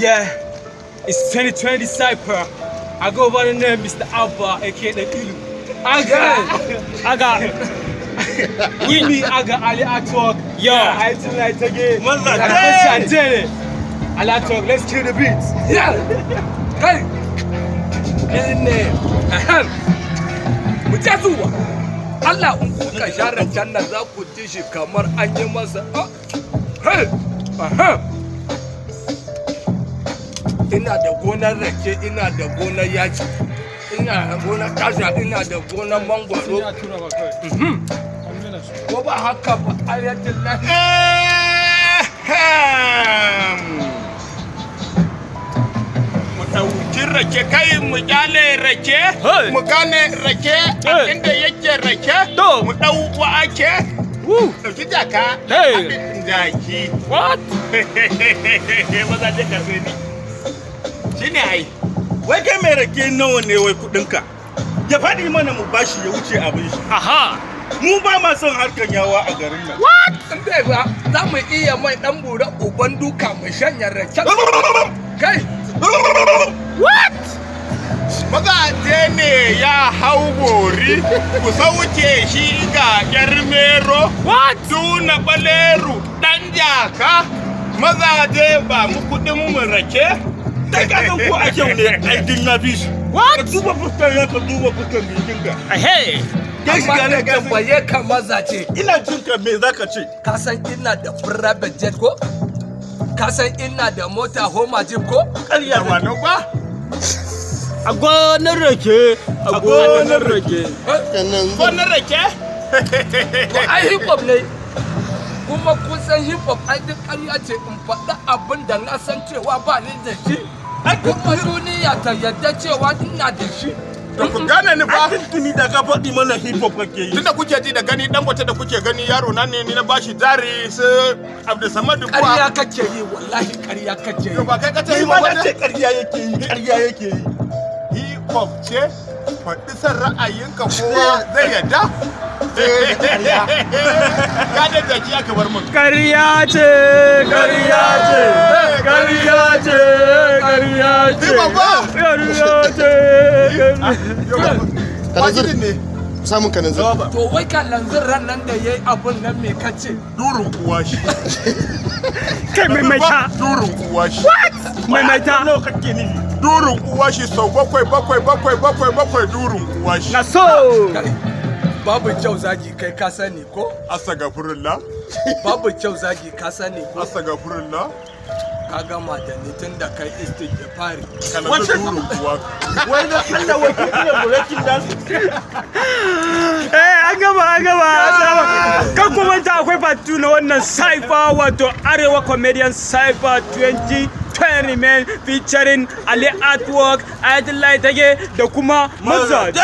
Yeah, it's 2020 Cypher. I go by the name Mr. Alba, aka the Ilu. I got, I got, with me, I got Ali Atwok. Yo, I tell like again. What's that? I'm going to tell it. Ali Atwok, let's kill the beats. Yeah. Hey. Any name. Ahem. Mujazu! Allah in kuka jaran janna za ku ji shi kamar an yi masa. Ah. Hey. Ahem. ina da gonar rake ina da gonar yaji ina da gonar kaza ina da gonar mangwaro mhm. ko ba haka ba ayatul eh, rake kai mu kyale rake mu gane rake inda yake rake ake ɗauki jaka shine ai wai kai mai rake nawa ne wai kudinka ya faɗi mana mu bashi ya wuce abin shi aha mu ba ma son harkan yawa a garin nan what dai ba za mu iya mai dan bura uban duka mu shanya rake kai what Mazaje ne ya hau bori, ku sauke shi ga ƴar mero, duna baleru ɗan jaka, mazaje ba mu kuɗin mu rake, kai ka ko what duba ka ka ina jin ka ka san da ko ka san da mota homa jip ko ƙarya ba nan ba a gonar rake a gonar rake gonar rake ai hip hop ne kuma kun san hip hop ai duk ƙarya ce in faɗi abin da na san cewa ba ni da shi ai kuma duniya ta yadda cewa ina da shi da ku gane ni ba tuni da ka faɗi mana hip hop kake yi tunda kuke ji da gani dan wata da kuke gani yaro na ne ni na bashi jari su Abdul Samad kuwa ƙarya kake yi wallahi ƙarya kake yi ba kai kace yi ba ce ƙarya yake yi ƙarya yake yi hip ce faɗi ra'ayinka kowa zai yadda kada da ki aka bar ce kariya ce kariya ce ƙarya ce ce ce ah, samun ka nanzar to wai ka nanzar ran nan da yayi abun nan me kace durun kuwa shi kai mai mai ta durun shi what mai mai ta durun uwa shi sau bakwai bakwai bakwai bakwai bakwai durun uwa shi. Na so! Babu kyau zagi kai ka sani ko? Asa ga furulla? Babu kyau zagi ka sani ko? Asa ga furulla? Ka gama da ni tun da kai istin da fari. Kalmar durun uwa. Wai na kalla wai ne ina burakin dan. Eh an gama an gama. Kan kuma ta akwai batu na wannan saifa wato Arewa Comedian Cypher 20 10 remain featuring ali artwork Adelaide da kuma mazaje